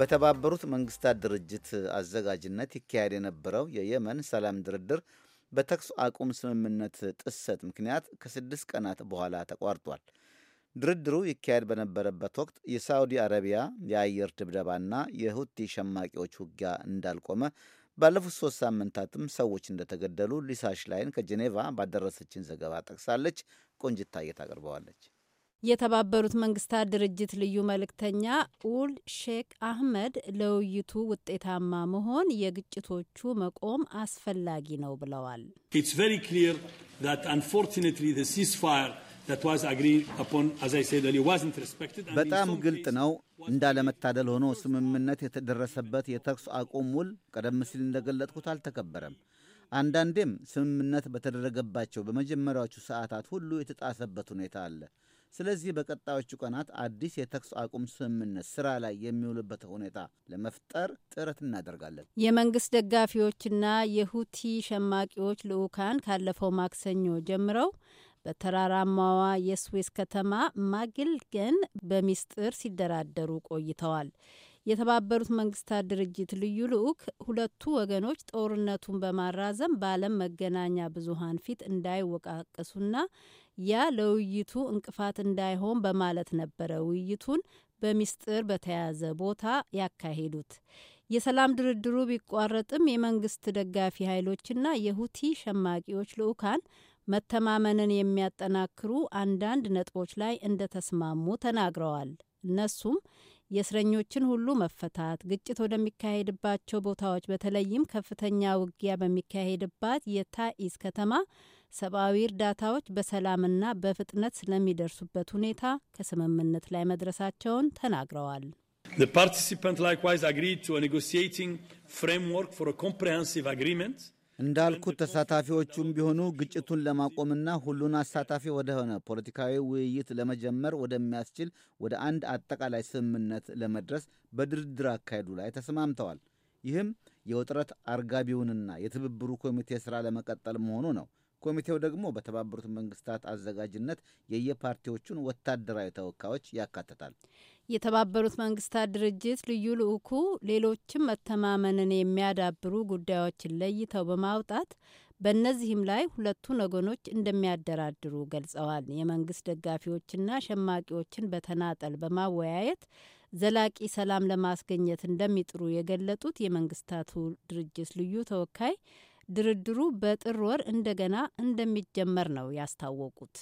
በተባበሩት መንግስታት ድርጅት አዘጋጅነት ይካሄድ የነበረው የየመን ሰላም ድርድር በተኩስ አቁም ስምምነት ጥሰት ምክንያት ከስድስት ቀናት በኋላ ተቋርጧል። ድርድሩ ይካሄድ በነበረበት ወቅት የሳዑዲ አረቢያ የአየር ድብደባና የሁቲ ሸማቂዎች ውጊያ እንዳልቆመ ባለፉት ሶስት ሳምንታትም ሰዎች እንደተገደሉ ሊሳሽ ላይን ከጄኔቫ ባደረሰችን ዘገባ ጠቅሳለች። ቆንጅታ አቅርበዋለች። የተባበሩት መንግስታት ድርጅት ልዩ መልእክተኛ ኡል ሼክ አህመድ ለውይይቱ ውጤታማ መሆን የግጭቶቹ መቆም አስፈላጊ ነው ብለዋል። በጣም ግልጥ ነው እንዳለመታደል ሆኖ ስምምነት የተደረሰበት የተኩስ አቁም ውል ቀደም ሲል እንደገለጥኩት አልተከበረም። አንዳንዴም ስምምነት በተደረገባቸው በመጀመሪያዎቹ ሰዓታት ሁሉ የተጣሰበት ሁኔታ አለ። ስለዚህ በቀጣዮቹ ቀናት አዲስ የተኩስ አቁም ስምምነት ስራ ላይ የሚውልበት ሁኔታ ለመፍጠር ጥረት እናደርጋለን። የመንግስት ደጋፊዎችና የሁቲ ሸማቂዎች ልዑካን ካለፈው ማክሰኞ ጀምረው በተራራማዋ የስዊስ ከተማ ማግልገን በሚስጥር ሲደራደሩ ቆይተዋል። የተባበሩት መንግስታት ድርጅት ልዩ ልዑክ ሁለቱ ወገኖች ጦርነቱን በማራዘም በዓለም መገናኛ ብዙሃን ፊት እንዳይወቃቀሱና ያ ለውይይቱ እንቅፋት እንዳይሆን በማለት ነበረ ውይይቱን በሚስጥር በተያዘ ቦታ ያካሄዱት። የሰላም ድርድሩ ቢቋረጥም የመንግስት ደጋፊ ኃይሎችና የሁቲ ሸማቂዎች ልዑካን መተማመንን የሚያጠናክሩ አንዳንድ ነጥቦች ላይ እንደተስማሙ ተናግረዋል። እነሱም የእስረኞችን ሁሉ መፈታት፣ ግጭት ወደሚካሄድባቸው ቦታዎች በተለይም ከፍተኛ ውጊያ በሚካሄድባት የታኢዝ ከተማ ሰብአዊ እርዳታዎች በሰላምና በፍጥነት ስለሚደርሱበት ሁኔታ ከስምምነት ላይ መድረሳቸውን ተናግረዋል። እንዳልኩት ተሳታፊዎቹም ቢሆኑ ግጭቱን ለማቆምና ሁሉን አሳታፊ ወደሆነ ፖለቲካዊ ውይይት ለመጀመር ወደሚያስችል ወደ አንድ አጠቃላይ ስምምነት ለመድረስ በድርድር አካሄዱ ላይ ተስማምተዋል። ይህም የውጥረት አርጋቢውንና የትብብሩ ኮሚቴ ሥራ ለመቀጠል መሆኑ ነው። ኮሚቴው ደግሞ በተባበሩት መንግስታት አዘጋጅነት የየፓርቲዎቹን ወታደራዊ ተወካዮች ያካትታል። የተባበሩት መንግስታት ድርጅት ልዩ ልኡኩ ሌሎችም መተማመንን የሚያዳብሩ ጉዳዮችን ለይተው በማውጣት በእነዚህም ላይ ሁለቱን ወገኖች እንደሚያደራድሩ ገልጸዋል። የመንግስት ደጋፊዎችና ሸማቂዎችን በተናጠል በማወያየት ዘላቂ ሰላም ለማስገኘት እንደሚጥሩ የገለጡት የመንግስታቱ ድርጅት ልዩ ተወካይ ድርድሩ በጥር ወር እንደገና እንደሚጀመር ነው ያስታወቁት።